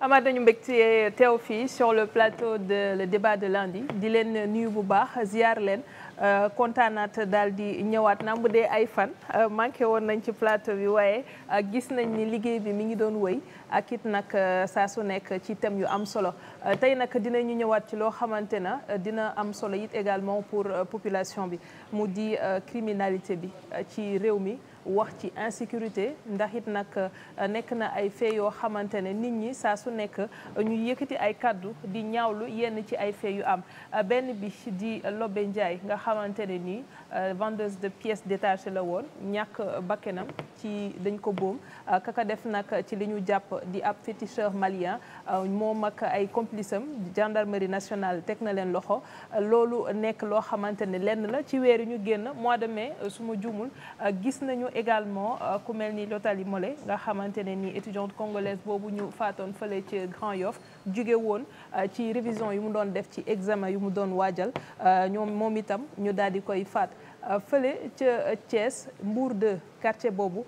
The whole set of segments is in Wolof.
amaat nañu mbégte teew fii sur le plateau de le débat de lundi di leen nuyu bu baax ziar leen euh, kontaanaat daal di ñëwaat naam bu ay fan euh, manqué woon nañ ci plateau bi waaye euh, gis nañ ni liggéey bi mi ngi doon woy ak it nag saa su nekk ci thème yu am solo tey nag dinañu ñëwaat ci loo xamante na dina am solo it également pour population bi mu di criminalité bi ci réew mi. wax ci insécurité ndax it nag euh, nekk na ay fee yoo xamante ne nit ñi saa su nekk euh, ñu yëkkati ay kàddu di ñaawlu yenn ci ay fee yu am euh, benn bi di lobe Ndiaye nga xamante ne nii Euh, vendeuse de pièces détachées la woon ñàkk bakkenam ci dañ ko boom euh, kaka def nag ci li jàpp di ab féticheur malien euh, moo ak ay complice am gendarmerie nationale teg na leen loxo loolu nekk loo xamante ne lenn la ci weer yu ñu génn mois de mai su ma juumul gis nañu également ku mel ni Lotali mole nga xamante ne ni étudiante congolaise boobu ñu faatoon fële ci Grand Yoff jóge woon Euh, ci révision yu mu doon def ci examen yu mu doon waajal euh, ñoom moom itam ñu daal di koy faat euh, fële ca Thiès Mbour de quartier boobu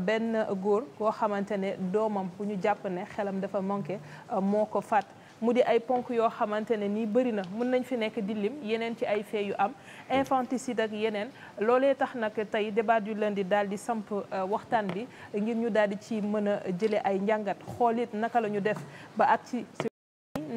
benn góor koo xamante ne doomam bu ñu jàpp ne xelam dafa manqué moo ko faat mu di ay ponk yoo xamante ne nii bëri na mën nañ fi nekk di lim yeneen ci ay fee yu am infanticide ak yeneen loolee tax nag tey débat yu lundi daal di samp waxtaan bi ngir ñu daal di ci mën a jëlee ay njàngat xool naka la ñu def ba ak ci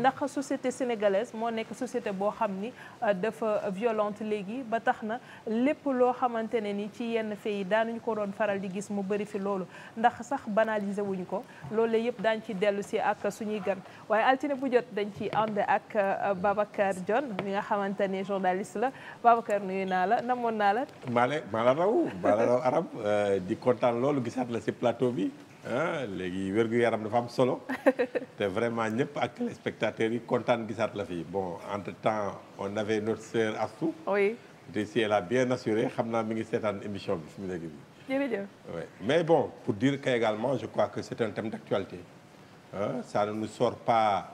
ndax société sénégalaise moo nekk société boo xam ni euh, dafa violente léegi ba tax na lépp loo xamante ne ni ci yenn fee yi daanuñu ko doon faral di gis mu bëri fi loolu ndax sax banaliser wuñu ko loolu yëpp daañ ci dellu si ak suñuy gan waaye altine bu jot dañ ci ànd ak euh, Babacar jon mi nga xamante ne journaliste la Babacar nuyu naa la namoon naa la. maa la maa la raw maa la raw arab euh, di kontaan loolu gisaat la si plateau bi. ah léegi wérgu yaram dafa am solo te vraiment ñëpp ak téléspectateurs yi kontaan gisaat la fii bon entre temps on avait notre sœur Astou. oui te si elle a bien assuré xam naa mi ngi seetaan émission bi fi mu nekk nii. mais bon pour dire que également je crois que c'est un thème d'actualité ah ça ne nous sort pas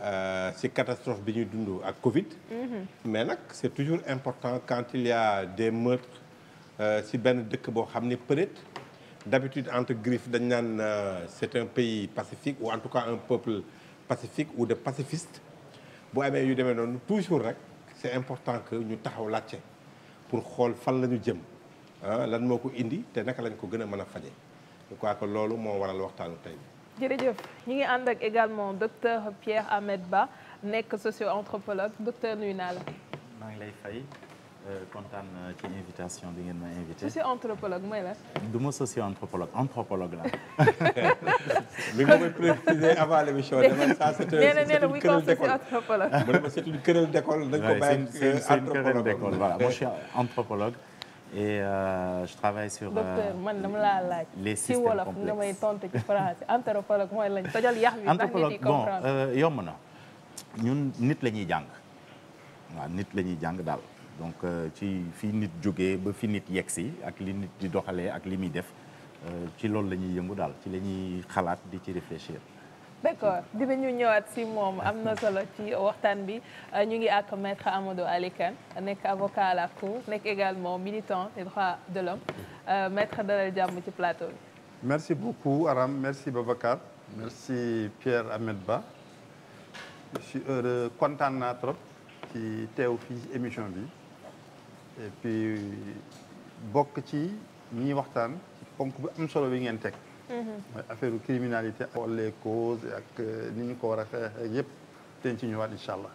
euh, si catastrophe bi ñuy dund ak Covid. Mhm. mais nag c'est toujours important quand il y a des meurtres euh, si benn dëkk boo xam ne peut-être. d'habitude entre griffes dañ naan euh, c'est un pays pacifique ou en tout cas un peuple pacifique ou de pacifiste bu amee yu demee noonu toujours rek c'est important que ñu taxaw laajte pour xool fan la ñu jëm ah lan moo ko indi te naka lañ ko gën a mën a faje je crois que loolu moo waral waxtaanu tey jërëjëf ñi ngi ànd ak également docteur Pierre Ahmed Ba nekk socio-anthropologue docteur nuyu naa la maa ngi lay fay Euh, kontaan ci invitation bi ngeen ma invité. socio anthropologue mooy la. du ma socio anthropologue anthropologue la. li nga may préciser avant l'émission. ça c'est anthropologue. et euh, je travaille sur. Euh, man dama laa laaj. les systèmes complexes ci wolof nga may tontu anthropologue mooy lañ tojal yàq bi. anthropologue bon yomb na nit la ñuy jàng nit la ñuy jàng daal. donc euh, ci fi nit jógee ba fi nit yegsi ak li nit di doxalee ak li muy def euh, ci loolu la ñuy yëngu daal ci la ñuy xalaat di ci réfléchir. d'accord dinañu ñëwaat si moom am na solo ci waxtaan bi euh, ñu ngi ak maître Amadou Aly nekk avocat la cour nekk également militant des droits de l'homme maître dalal jàmm ci plateau bi. merci beaucoup Aram merci Babacar merci Pierre Ahmed Ba je suis trop ci teew fii émission bi. et bokk ci ñi waxtaan ponk bu am solo bi ngeen teg. Mhm. mooy affaire criminalité ak les causes ak euh, ni ñu ko war a xeex yëpp teen ci ñëwaat incha allah.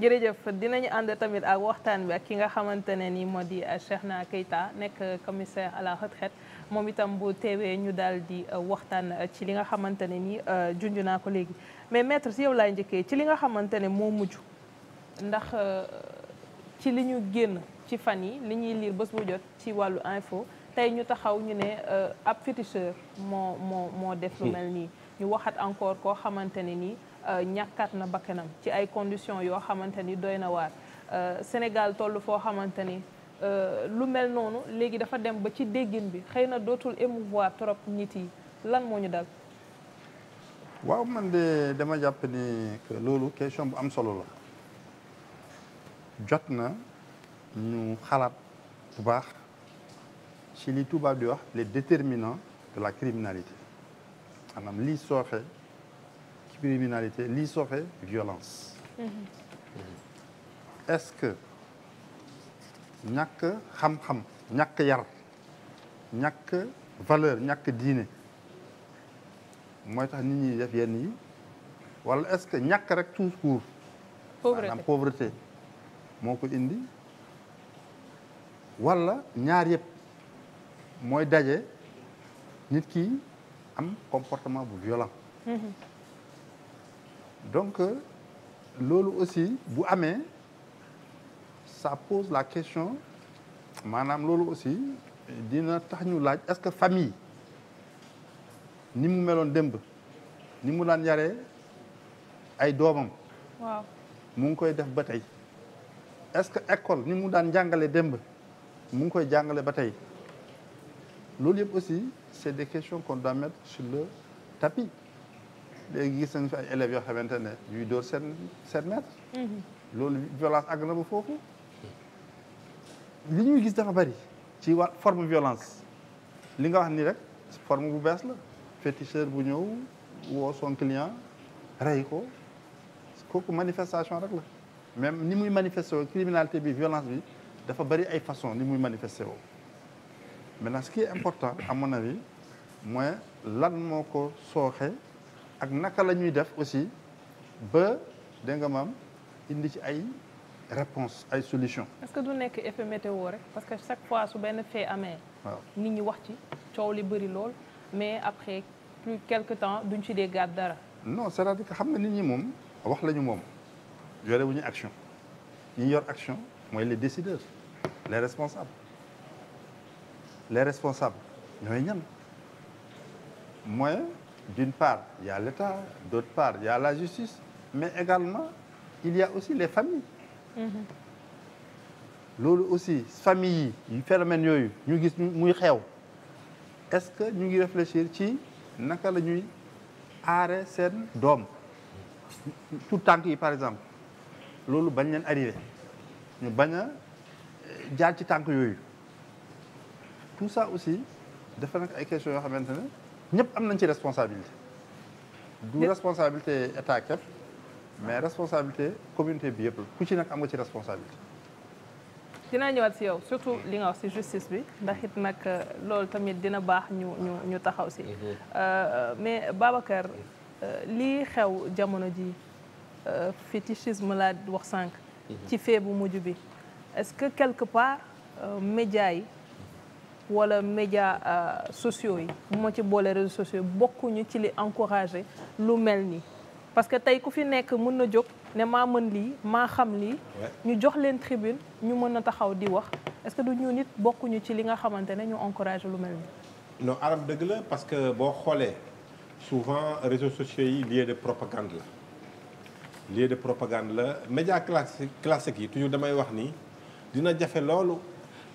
jërëjëf dinañu ànd tamit ak waxtaan bi ak ki nga xamante ne nii moo di euh, Cheikhna Keita nekk commissaire à la retraite moom itam bu teewee ñu daal di euh, waxtaan ci li nga xamante ne nii junj naa ko léegi mais maître si yow laay njëkkee ci li nga xamante ne moo mujj ndax. ci li ñu génn ci fan yi li ñuy liir bés bu jot ci wàllu info tey ñu taxaw ñu ne euh, ab féticheur moo moo moo def lu hmm. mel nii ñu waxat encore koo xamante ne nii euh, ñàkkaat na bakkanam ci ay conditions yoo xamante ni doy na waar euh, Sénégal toll foo xamante ni lu mel noonu léegi dafa dem ba ci déggin bi xëy na dootul émouvoir trop nit yi lan moo ñu dal waaw man de dama jàpp ni que loolu question bu am solo la jot na ñu xalaat bu baax ci li tubaab di wax les déterminant de la criminalité maanaam lii sooxe criminalité lii sooxe violence mm-hmm. est-ce que ñàkk xam-xam ñàkk yar ñàkk valeur ñàkk diine mooy tax nit ñi def yenn yi wala est-ce que ñàkk rek tout court maanaam moo ko indi walla ñaar yëpp mooy daje nit ki am comportement bu violent mm-hmm. donc euh, loolu aussi bu amee ça pose la question maanaam loolu aussi dina tax ñu laaj est-ce que famille ni mu meloon démb ni mu daan yaree ay doomam waaw ngi koy def ba tey est-ce que école ni mu daan jàngale démb mu ngi koy jàngale ba tey loolu yëpp aussi c'est des questions qu'on doit mettre sur le tapis léegi gis nañ fi ay élèves yoo xamante ne yuy dóor seen seen maître mhm. loolu violence àgg na ba foofu li ñuy gis dafa bari ci wa forme violence li nga wax ni rek forme bu bees la féticheur bu ñëw woo son client rey ko kooku manifestation rek la même ni muy manifesté woo criminalité bi violence bi dafa bëri ay façon ni muy manifesté woo maintenant ce qui est important à mon avis mooy lan moo ko sooxee ak naka la ñuy def aussi ba dégg nga maam indi ci ay réponse ay solution est-ce que du nekk effet météo rek parce que chaque fois su benn fee amee waaw nit ñi wax ci coow li bëri lool mais après quelque temps duñ ci déggaat dara no c'est-à-dire que xam na nit ñi moom wax lañu moom yore wu ñu action ñi yor action mooy les décideurs les responsables les responsables ñooy ñan mooy d'une part il y a l'État d'autre part il la justice mais également il y aussi les familles mm-hmm. loolu aussi famille yi phénomène yooyu ñu gis muy xew est-ce que ñu ngi réfléchir ci naka la ñuy aare seen doom tout tànk yi par exemple loolu bañ leen arrivé ñu bañ a eh, jaar ci tànk yooyu tout saa aussi dafa nekk ay questions yoo xamante ne ñëpp am nañ ci responsabilité du responsabilité état képp mais responsabilité communauté bi yëpp la ku ci nag am nga ci responsabilité dinaa ñëwaat si yow surtout li nga wax si justice bi ndax it nag eh, loolu tamit dina baax ñu ñu ñu taxaw si mhm. euh, mais Babacar euh, lii xew jamono ji Euh, fétichisme laa wax sànq. Mhm. ci fee bu mujj bi est-ce que quelque part euh, média yi wala média euh, sociaux yi bu ma ci boole réseaux sociaux bokkuñu ci li encouragé lu mel nii parce que tey ku fi nekk mën na jóg ne maa mën lii maa xam lii ñu jox leen tribune ñu mën na taxaw di wax est que du ñu nit bokkuñu ci li nga xamante ne ñu encouragé lu mel nii non aram dëgg la parce que boo xoolee souvent réseaux sociaux yi lieu de propagande la lieu de propagande la média classique classique yi toujours damay wax nii dina jafe loolu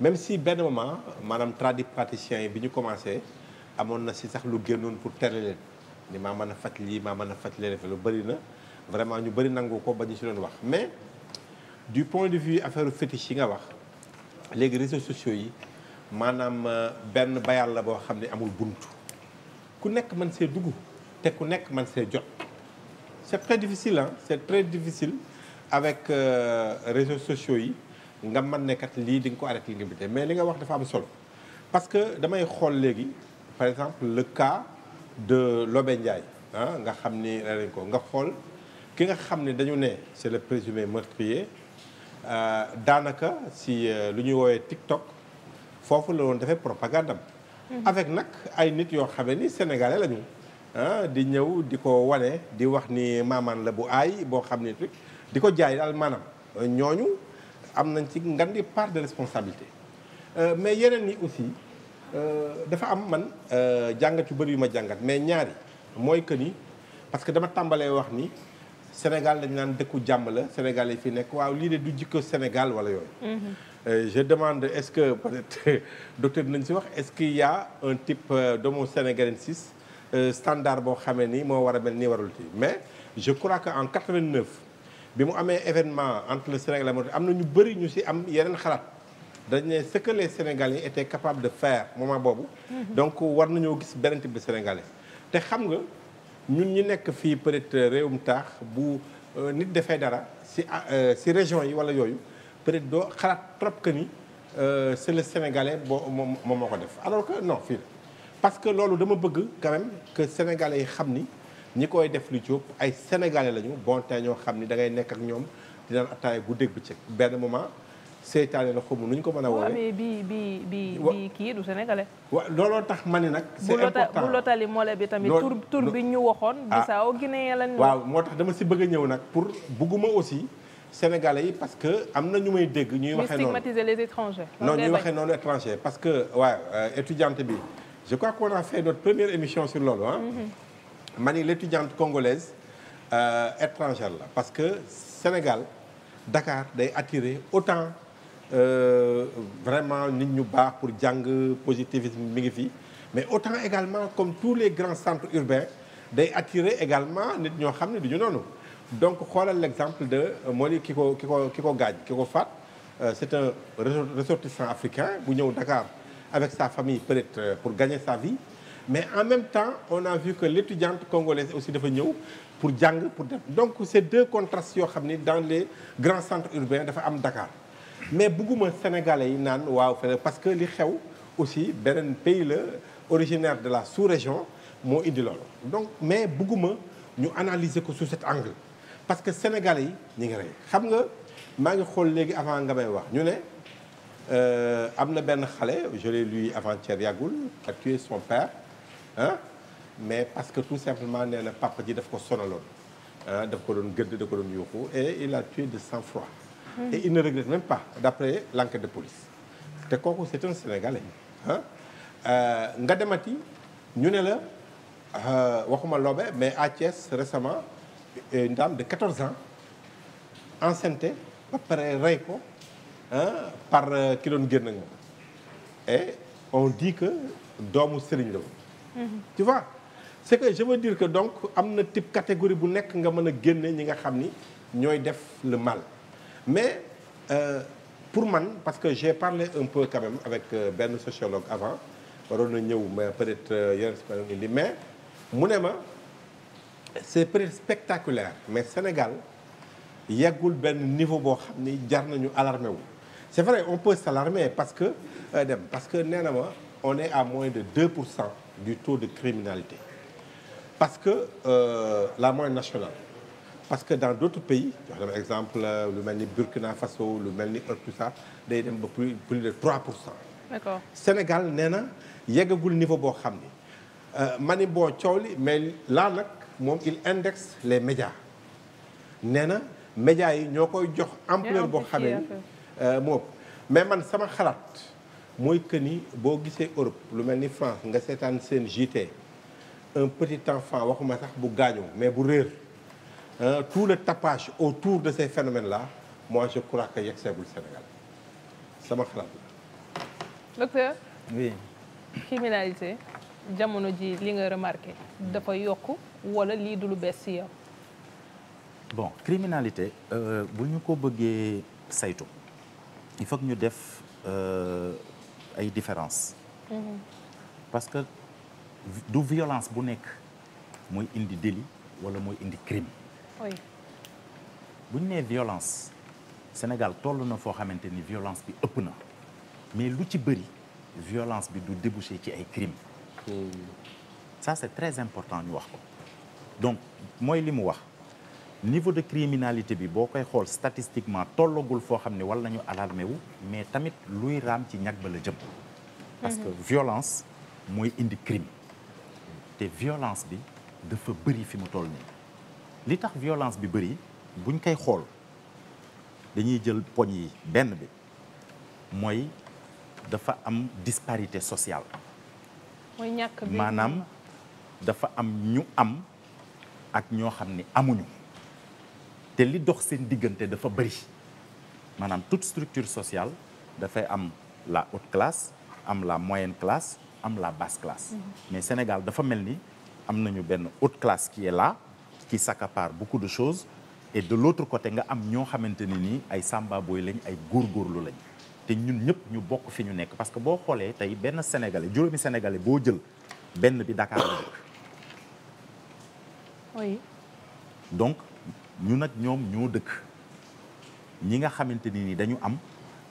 même si benn moment maanaam tradipraticiens yi bi ñu commencé amoon na si sax lu génnoon pour tere leen ni maa mën a faj lii maa mën a faj leen lu bëri na vraiment ñu bari nangu ko ba ñu si doon wax mais du point de vue affaire fétiche yi nga wax léegi réseaux sociaux yi maanaam euh, benn bayal la boo xam ne amul buntu ku nekk mën see dugg te ku nekk mën see jot. c'est très difficile ah c'est très difficile avec euh, réseaux sociaux yi nga mën ne kat lii di nga ko arrêté limité mais li nga wax dafa am solo parce que damay xool léegi par exemple le cas de Lobé Ndiaye ah nga xam ni rey nañ ko nga xool ki nga xam ne dañu ne c'est le présumé meurtrier euh, daanaka si euh, lu ñuy woowee TikTok foofu la woon defee propagande am mm-hmm. avec nag ay nit yoo xamee ni sénégalais lañu Ah, di ñëw di ko wane di wax ni maamaan la bu ay boo xam ne di ko jaay daal maanaam ñooñu am nañ ci ngandi part de responsabilité euh, mais yeneen yi aussi euh, dafa am man euh, jàngat yu bëri yu ma jàngat mais ñaari mooy que ni parce que dama tàmbalee wax ni Sénégal dañ naan dëkku jàmm la Sénégal yi fi nekk waaw lii de du jikko Sénégal wala yooyu. Mhm. je demande est-ce que peut-être docteur nañ si wax est-ce qu'il y a un type d'homo sénégalensis Euh, standard boo xamee ni moo war a mel ni warul ci mais je crois que en 89 bi mu amee événement entre le Sénégal et am na ñu bëri ñu si am yeneen xalaat dañu ne ce que les Sénégalais capable capables de faire moment boobu. Mhm. donc war nañoo gis beneen type de Sénégalais. te xam nga ñun ñi nekk fii peut-être réewum taax bu euh, nit defee dara si ah, euh, si région yi wala yooyu peut-être doo xalaat trop que ni c'est le Sénégalais boo moom moo ko def alors que no fii parce que loolu dama bëgg quand même que yi xam ni ñi koy def lu jóob ay sénégalais lañu bon te ñoo xam ni da ngay nekk ak ñoom di bu attaaya guddeeg bëccëg benn moment seytaane la xamu nu ñu ko mën a woowee. mais bi bi kii du sénégalais. wa looloo tax ma ne nag. c'est important bu lotali mole bi tamit. tur tur bi waxoon. Ah. Bissau Guinée moo tax dama si bëgg ñëw nag pour bugguma aussi. Sénégalais yi parce que am na ñu may dégg ñuy waxee noonu stigmatiser les étrangers. ñuy waxee noonu étranger parce que waaw euh, étudiante bi je crois qu'on a fait notre première émission sur loolu ah. ma ni l'étudiante congolaise euh, étrangère la parce que Sénégal Dakar day attirer autant euh, vraiment nit ñu baax pour jàng positivisme mi ngi fi mais autant également comme tous les grands centres urbains day attirer également nit ñoo xam ne du ñu noonu. donc xoolal l'exemple de moo di ki ko ki ko ki ko gaañ ki ko faat euh, c'est un ressortissant africain bu ñëw Dakar. avec sa famille peut-être euh, pour gagner sa vie mais en même temps on a vu que l'étudiante congolaise aussi dafa ñëw pour jàng pour def donc ces deux contrastes yoo xam ni dans les grands centres urbains dafa am Dakar mais bugguma sénégalais yi naan waaw fële parce que li xew aussi beneen pays la originaire de la sous-région moo indi loolu donc mais bëgguma ñu analyser ko sous cet angle parce que sénégalais yi ñu ngi rey xam nga maa ngi xool léegi avant nga may wax ñu ne Euh, am na benn xale je l'ai lu avant-hier yàggul a tué son père ah mais parce que tout simplement nee na papa ji daf ko sonaloon ah daf ko doon gëdd da ko doon yuuxu et il a tué de sang-froid hmm. et il ne regrette même pas d'après l'enquête de police te kooku c'est un sénégalais ah nga demati ñu ne la euh, waxuma loobe mais à Thiès récemment une dame de 14 ans enceinte ba pare rey ko par euh, ki doon génn nga et on dit que doomu sëriñ la woon mhm. tu vois c'est que je veux dire que donc am na type catégorie bu nekk nga mën a génne ñi nga xam ni ñooy def le mal mais euh, pour man parce que j'ai parlé un peu quand même avec euh, benn sociologue avant waroon na ñëw mais peut-être euh, yeneen si indi mais mu ne ma c'est peut-être spectaculaire mais Sénégal yeggul benn niveau boo xam ni jar nañu alarmé wu c'est vrai on peut s'alarmer parce que euh, dem parce que nee na ma on est à moins de 2 pour cent du taux de criminalité parce que euh, la moyenne nationale parce que dans d'autres pays jox dama exemple euh, lu mel ni Burkina Faso lu mel ni tout ça day ba plus plus de pour cent Sénégal nee na yeggagul niveau boo xam ni euh, ma ni boo coow li mais laa nag moom il indexe les médias nee na médias yi ñoo koy jox ampleur boo xamee Euh, mu ëpp mais man sama xalaat mooy que ni boo gisee Europe lu mel ni France nga seetaan seen JT un petit enfant waxuma sax bu gaañu mais bu réer euh, tout le tapage autour de ces phénomènes la moi je crois que yegseegul Sénégal sama xalaat la. docteur. criminalité jamono ji li nga remarqué dafa yokk wala lii du lu bees si yow. bon criminalité euh, bu ñu ko bëggee saytu. il faut ñu def euh, ay différence mm-hmm. parce que du violence bu nekk mooy indi délit wala mooy indi crime oui bu ñu nee violence Sénégal toll na foo xamante ni violence bi ëpp na mais lu ci bëri violence bi du débouché ci ay crime mm-hmm. ça c'est très important ñu wax ko donc mooy li mu wax niveau de criminalité bi boo koy xool statistiquement tollagul foo xam ne wala nañu alarmé wu mais tamit luy raam ci ñag ba la jëm parce que mhm. violence mooy indi crime te violence bi dafa bëri fi mu toll nii li tax violence bi bëri buñ koy xool dañuy jël poñ yi benn bi mooy dafa am disparité sociale maanaam dafa am ñu am ak ñoo xam ni amuñu te li dox seen diggante dafa bëri maanaam toute structure sociale dafay am la haute classe am la moyen classe am la basse classe. Mhm. mais Sénégal dafa mel ni am nañu benn haute classe qui est là qui bu beaucoup de choses et de l'autre côté nga am ñoo xamante ne nii ay samba booy lañ ay góor góorlu lañ. te ñun ñëpp ñu bokk fi ñu nekk parce que boo xoolee tey benn sénégalais juróomi sénégalais boo jël benn bi Dakar la dëkk. oui donc ñu nag ñoom ñoo dëkk ñi nga xamante ni ni dañu am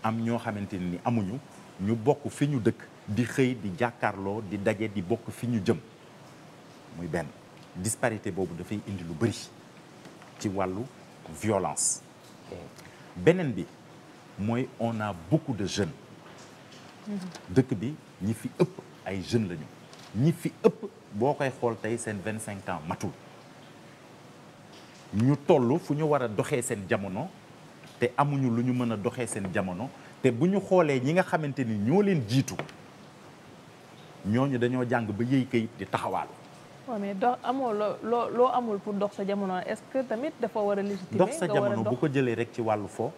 am ñoo xamante ni ni amuñu ñu bokk fi ñu dëkk di xëy di jàkkaarloo di daje di bokk fi ñu jëm muy benn disparité boobu dafay indi lu bëri ci wàllu violence beneen bi mooy on a beaucoup de jeunes dëkk bi ñi fi ëpp ay jeunes lañu ñi fi ëpp boo koy xool tey seen vingt cinq ans matul ñu toll fu ñu war a doxee seen jamono te amuñu lu ñu mën a doxee seen jamono te bu ñu xoolee ñi nga xamante ni ñoo leen jiitu ñooñu dañoo jàng ba yëy kayit di taxawaal. mais dox amoo loo loo amul pour dox sa jamono est-ce que tamit dafa war a légitimer dox sa jamono bu ko jëlee rek ci wàllu foo.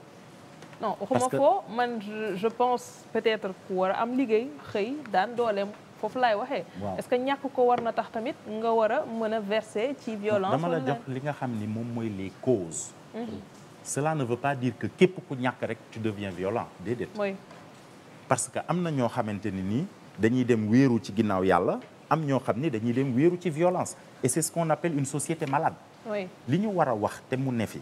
non waxuma foo man je pense peut-être ku war a am liggéey xëy daan dooleem. foofu laay waxe est-ce que ñàkk ko war na tax tamit nga war mën a verser ci violence. dama la jox li nga xam ni moom mooy les causes. Mhm. cela ne veut pas dire que képp ku ñàkk rek tu deviens violent déedéet. oui parce que am na ñoo xamante ni nii dañuy dem wéeru ci ginnaaw yàlla am ñoo xam ni dañuy dem wéeru ci violence et c'est ce qu'on appelle une société malade. li ñu war a wax te mu ne fi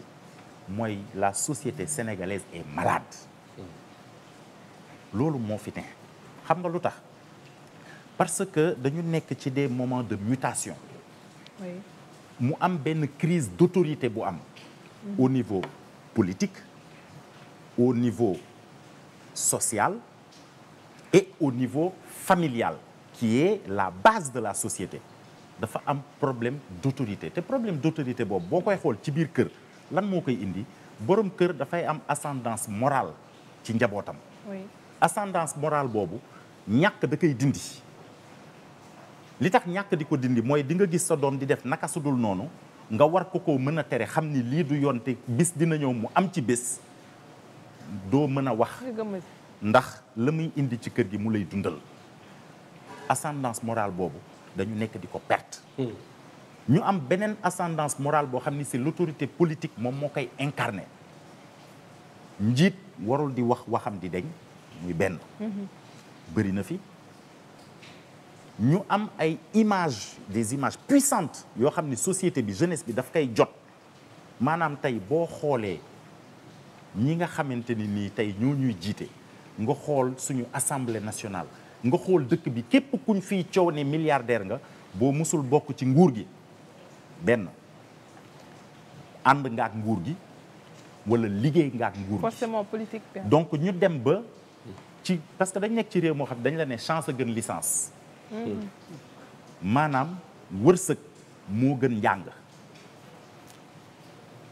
mooy la société sénégalaise est malade. Mm. loolu moo fi ne xam nga lu tax. parce que dañu nekk ci des moments de mutation mu am benn crise d'autorité bu am mhm. au niveau politique au niveau social et au niveau familial qui est la base de la société dafa am problème d'autorité te problème d'autorité boobu boo koy xool ci biir kër lan moo koy indi borom kër dafay am ascendance morale ci njabootam ascendance morale boobu ñàkk da koy dindi li tax ñàkk di ko dindi mooy di nga gis sa doom di def naka su noonu nga war ko koo mën a tere xam ni lii du yoon te bis dina ñëw mu am ci bés doo mën a wax ndax la muy indi ci kër gi mu lay dundal assendance morale boobu dañu nekk di ko perte hmm. ñu am beneen assendance morale boo xam ni si l'autorité politique moom moo koy incarné njiit warul di wax waxam di deñ muy benn mm-hmm. bëri na fi ñu am ay images des images puissantes yoo xam ne société bi jeunesse bi dafa koy jot maanaam tey boo xoolee ñi nga xamante ni nii tey ñoo ñuy jiite nga xool suñu assemblée nationale nga xool dëkk bi képp kuñ fiy coow ne milliardaire nga boo musul bokk ci nguur gi benn ànd nga nguur gi wala liggéey nga ak nguur gi donc ñu dem ba ci parce que dañ nekk ci réew moo xam dañ la ne chance a gën licence maanaam wërsëg moo gën njàng.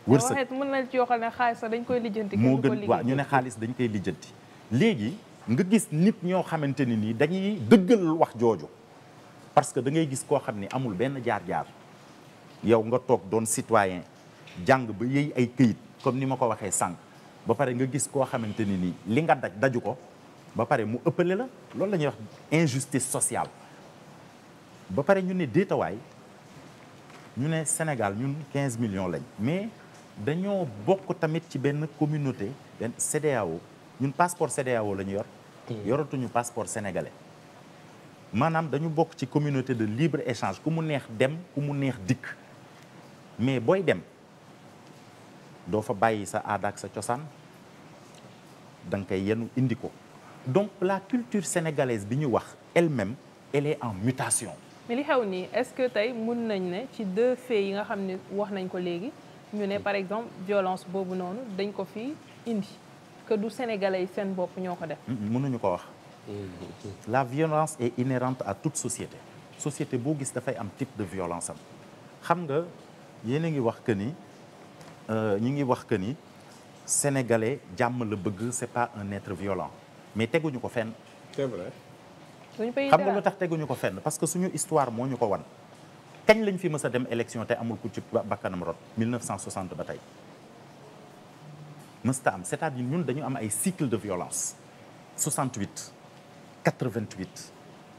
wërsëg mën na ci yoo xam ne xaalis dañ koy lijjanti. moo gën waaw ñu ne xaalis dañ koy lijjanti. léegi nga gis nit ñoo xamante ni nii dañuy dëggal wax jooju parce que da ngay gis koo xam ne amul benn jaar-jaar yow nga toog doon citoyen jàng ba yëy ay këyit comme ni ma ko waxee sànq ba pare nga gis koo xamante ni nii li nga daj daju ko ba pare mu ëppale la loolu la ñuy wax injustice sociale. ba pare ñu ne déetawaay ñu ne Sénégal ñun 15 millions lañ mais dañoo bokk tamit ci benn communauté benn CEDEAO ñun passeport CEDEAO la ñu yor yoratuñu passeport sénégalais maanaam dañu bokk ci communauté de libre échange ku mu neex dem ku mu neex dikk mais booy dem doo fa bàyyi sa aada sa cosaan da nga koy yenu indi ko donc la culture sénégalaise bi ñu wax elle-même elle est en mutation mais li xew nii est-ce que tey mun nañ ne ci deux faits yi nga xam ne wax nañ ko léegi ñu ne par exemple violence boobu noonu dañ ko fi indi que du sénégalais yi seen bopp ñoo ko def. mënuñu ko wax. Mm-hmm. la violence est inhérente à toute société. société boo gis dafay am type de violence am xam nga yéen a ngi wax que ni euh, ñu ngi wax que ni sénégalais jàmm la bëgg c'est pas un être violent mais teguñu ko fenn. c'est xam nga lu tax teguñu ko fenn parce que suñu histoire moo ñu ko wan kañ lañ fi mës a dem élection te amul ku ci bakkanam rot 1960 ba tey mësta am c'est-à-dire ñun dañu am ay cycle de violence 68 88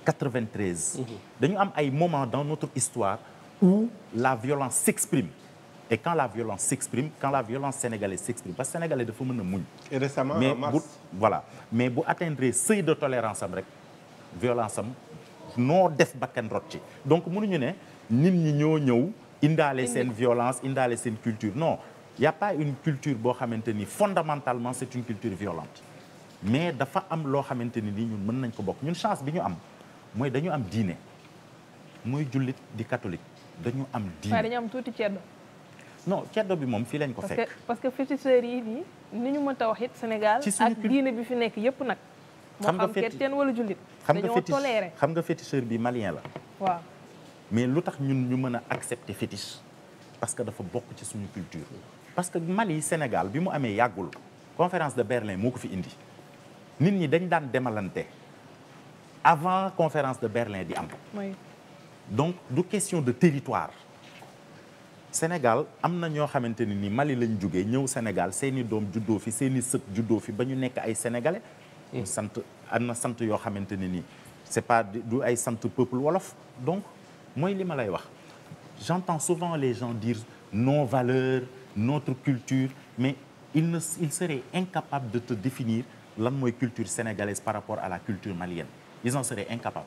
93 dañu am ay moments dans notre histoire où la violence s'exprime et quand la violence s'exprime quand la violence sénégalaise s'exprime parce que sénégalais dafa mën a muñ mais bu voilà mais bu atteindre seuil de tolérance am rek violence am noo def bakkan rot ci donc mënuñu ne nit ñi ñoo ñëw indaale seen violence indaale seen culture non y une culture boo xamante ni fondamentalement c'est une culture violente mais dafa am loo xamante ni ni ñun mën nañ ko bokk ñun chance bi ñu am mooy dañu am diine mooy jullit di catholique dañu am diine waaye am tuuti ceddo non ceddo bi moom fii lañ ko fekk parce que féticheurs yi ni ñu mënta wax it Sénégal ak diine bi fi nekk yëpp nag xam nga chrétien wala jullit xam nga fétiche xam nga féticheur bi malien la waaw mais lu tax ñun ñu mën a accepter fétiche parce que dafa bokk ci suñu culture parce que Mali Sénégal bi mu amee yàggul conférence de Berlin moo ko fi indi nit ñi dañ daan demalante avant conférence de Berlin di am donc du question de territoire Sénégal am na ñoo xamante ne ni Mali lañ jógee ñëw Sénégal seeni doom juddoo fi seeni sët juddoo fi ba ñu nekk ay sénégalais sant am na sant yoo xamante ne nii c'est pas du ay sant peuple wolof donc mooy li ma lay wax j'entends souvent les gens dire nos valeurs notre culture mais il ne il serait incapable de te définir lan mooy culture sénégalaise par rapport à la culture malienne ils en seraient incapables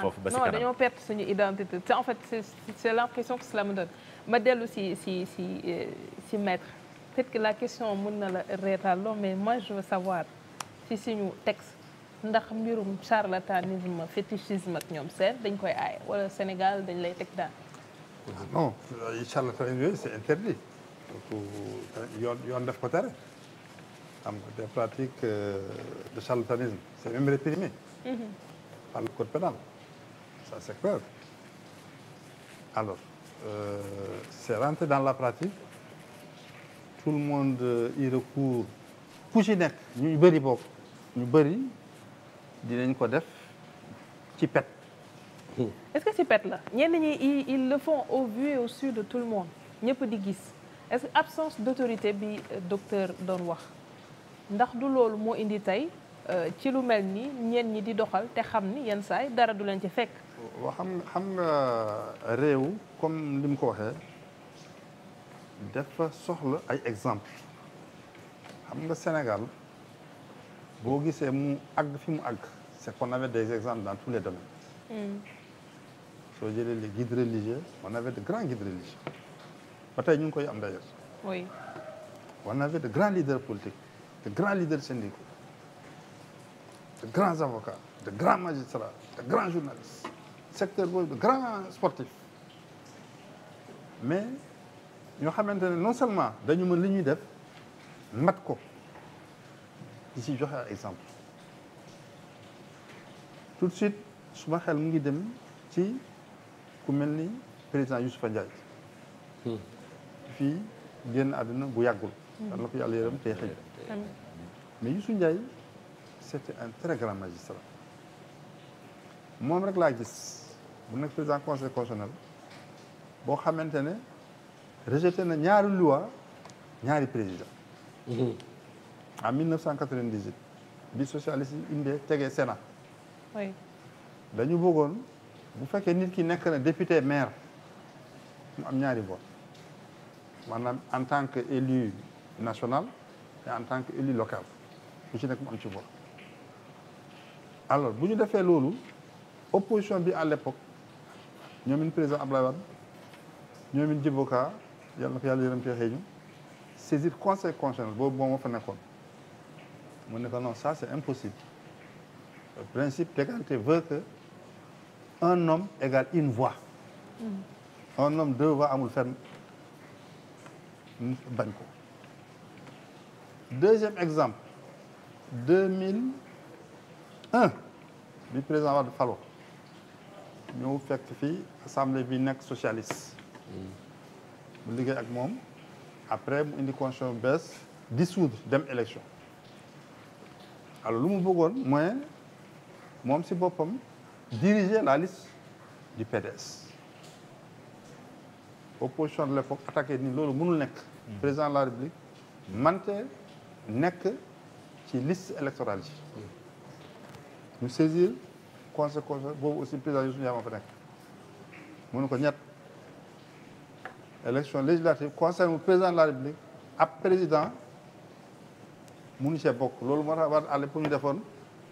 foofu ba si kanam non dañoo perte suñu c'est l'impression que cela me donne ma dellu si si si euh, si maître peut-être la question mën na la reetaloo mais ma je veux savoir ci suñu texte ndax mbirum charlatanisme fétichisme ak ñoom seen dañ koy aay wala Sénégal dañ lay teg daan. Ah non euh, interdit euh, yoon yoon def ko tere am des pratiques euh, de charlatanisme c'est même réprimé mm -hmm. par le dans la pratique tout le monde euh, y recourt ku ci nekk ñu bëri bokk ñu bëri dinañ ko def ci pet est-ce ci pet la ñenn ñi ils le font au vu et au su de tout le monde ñëpp di gis est-ce que absence d'autorité bi euh, docteur doon wax ndax du loolu moo indi tey euh, ci lu mel ni ñenn ñi di doxal te xam ni yenn saay dara du leen ci fekk. waaw xam nga xam nga réew comme li mu ko waxee. dafa soxla ay exemple xam nga Sénégal boo gisee mu àgg fi mu àgg c'est qu'on avait des exemples dans tous les domaines hmm. soo jëlee les guides religieux on avait de grands guides religieux ba ñu ngi koy am d'ailleurs oui on avait de grands leaders politiques de grands leaders syndicaux de grands avocats de grands magistrats de grands journalistes secteur boobu de grands sportifs mais ñoo xamante ne non seulement dañu mën li ñuy def mat ko di si joxe ay exemple tout de suite suma xel mu ngi dem ci ku mel ni président Youssoufa Ndiaye hmm. fii génn àdduna bu yàggul dan hmm. la ko yàlla yërëm tey xëy mais Youssou Ndiaye c'était un très grand magistrat moom rek laa gis bu nekk président conseil constitutionnel boo xamante ne rejeté na ñaari loi ñaari président mhm. en 1998 bi socialiste yi indee tegee Sénat dañu bëggoon bu fekkee nit ki nekk na député maire mu am ñaari vote maanaam en tant que élu national et en tant que élu local ku ci nekk mu am ci vote alors bu ñu defee loolu opposition bi à l'époque ñoomin président Abdoulaye Wade ñoomin Djibo yàlla na ko yàlla yërëm te xëy ñu saisir conseil constitutionnel boobu moom moo fa nekkoon mu ne ko non ça c'est impossible le principe d'égalité veut que un homme égale une voix mm. un homme deux voix amul fenn bañ ko deuxième exemple deux mille un bi président de falo ñëw fekk fii assemblée bi nekk socialiste mm. mu liggéey ak moom après mu indi constitution bees dissoudre dem élection alo lu mu bëggoon mooy moom si boppam diriger la liste du PDS opposition de l'époque attaqué ni loolu mënul nekk hmm. président de la République mante nekk ci liste électorale yi ñu saisir conseil conseil boobu aussi président Youssou Ndiaye moo fa nekk mënu ko ñett élection législative concerne mu président de la république ab président munu see bokk loolu moo tax war àll pour ñu defoon.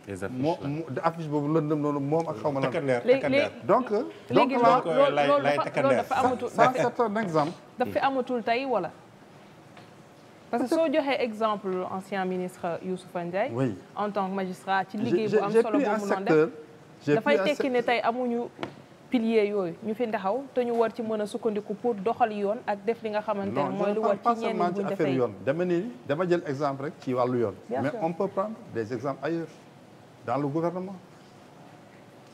des affiches la moo affiche boobu lëndëm noonu moom ak xaw ma la. donc. donc dafa amatul ça c'est un exemple. dafa amatul tey wala. parce que soo joxee exemple ancien ministre Youssoufa Ndiaye. oui en tant que magistrat ci liggéey bu am solo boobu noonu def dafay tekki ne tey amuñu. pilier yooyu ñu fi ndaxaw te ñu war ci mën a sukkandiku pour doxal yoon ak def li nga xamante ne mooy lu war ci ñenn buñ defee yoon dama ni dama jël exemple rek ci wàllu yoon mais on peut prendre des exemples ailleurs dans le gouvernement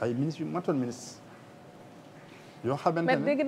ay ministres yu matoon ministre yoo xamante ne